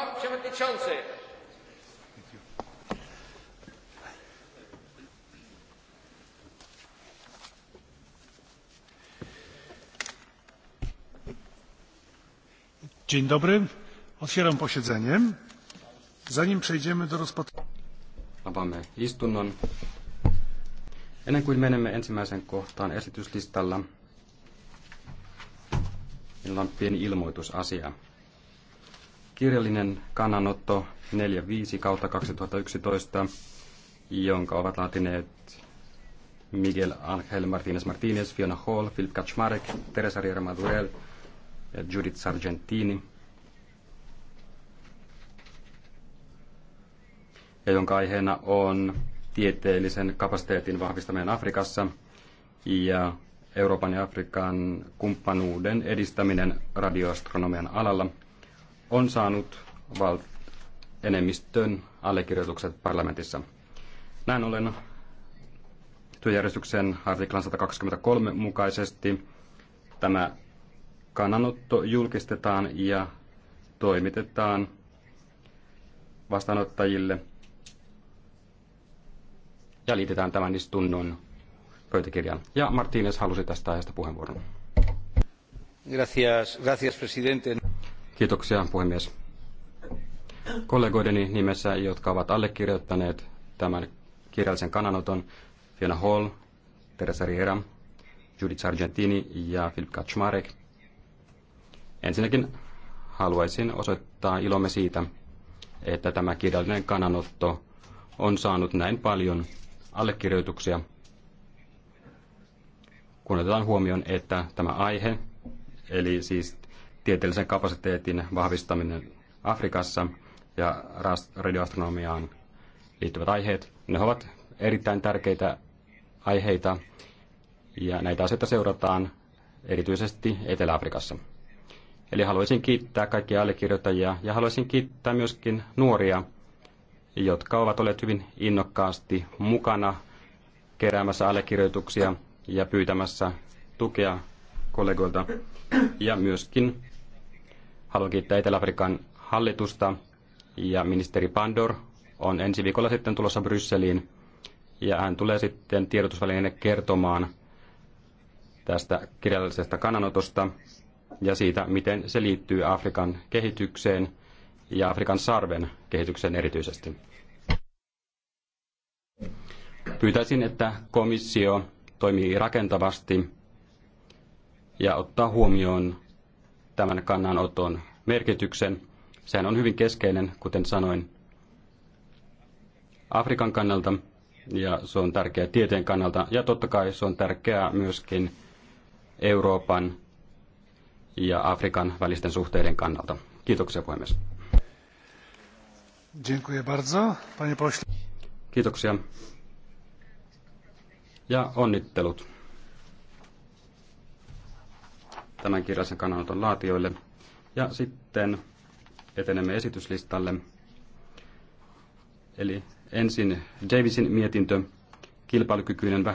Pan Przewodniczący! Dzień dobry. Otwieram posiedzenie. Zanim przejdziemy do rozpatrzenia... Avaamme istunnon. Ennen kuin menemme ensimmäiseen kohtaan esityslistalla, meillä on pieni ilmoitusasia kirjallinen kannanotto 45 kautta 2011, jonka ovat laatineet Miguel Angel Martínez Martínez, Fiona Hall, Philip Kaczmarek, Teresa Riera Madurel ja Judith Sargentini. Ja jonka aiheena on tieteellisen kapasiteetin vahvistaminen Afrikassa ja Euroopan ja Afrikan kumppanuuden edistäminen radioastronomian alalla – on saanut val- enemmistön allekirjoitukset parlamentissa. Näin ollen työjärjestyksen artiklan 123 mukaisesti tämä kannanotto julkistetaan ja toimitetaan vastaanottajille ja liitetään tämän istunnon pöytäkirjaan. Ja Martínez halusi tästä aiheesta puheenvuoron. Gracias, gracias presidente. Kiitoksia, puhemies. Kollegoideni nimessä, jotka ovat allekirjoittaneet tämän kirjallisen kannanoton, Fiona Hall, Teresa Riera, Judith Sargentini ja Filip Kaczmarek. Ensinnäkin haluaisin osoittaa ilomme siitä, että tämä kirjallinen kannanotto on saanut näin paljon allekirjoituksia, kun otetaan huomioon, että tämä aihe, eli siis tieteellisen kapasiteetin vahvistaminen Afrikassa ja radioastronomiaan liittyvät aiheet. Ne ovat erittäin tärkeitä aiheita ja näitä asioita seurataan erityisesti Etelä-Afrikassa. Eli haluaisin kiittää kaikkia allekirjoittajia ja haluaisin kiittää myöskin nuoria, jotka ovat olleet hyvin innokkaasti mukana keräämässä allekirjoituksia ja pyytämässä tukea kollegoilta ja myöskin Haluan kiittää Etelä-Afrikan hallitusta ja ministeri Pandor on ensi viikolla sitten tulossa Brysseliin ja hän tulee sitten tiedotusvälineelle kertomaan tästä kirjallisesta kannanotosta ja siitä, miten se liittyy Afrikan kehitykseen ja Afrikan sarven kehitykseen erityisesti. Pyytäisin, että komissio toimii rakentavasti ja ottaa huomioon tämän kannanoton merkityksen. Sehän on hyvin keskeinen, kuten sanoin, Afrikan kannalta ja se on tärkeää tieteen kannalta ja totta kai se on tärkeää myöskin Euroopan ja Afrikan välisten suhteiden kannalta. Kiitoksia puhemies. Kiitoksia. Ja onnittelut tämän kirjallisen kannanoton laatioille. Ja sitten etenemme esityslistalle. Eli ensin Davisin mietintö, kilpailukykyinen vähän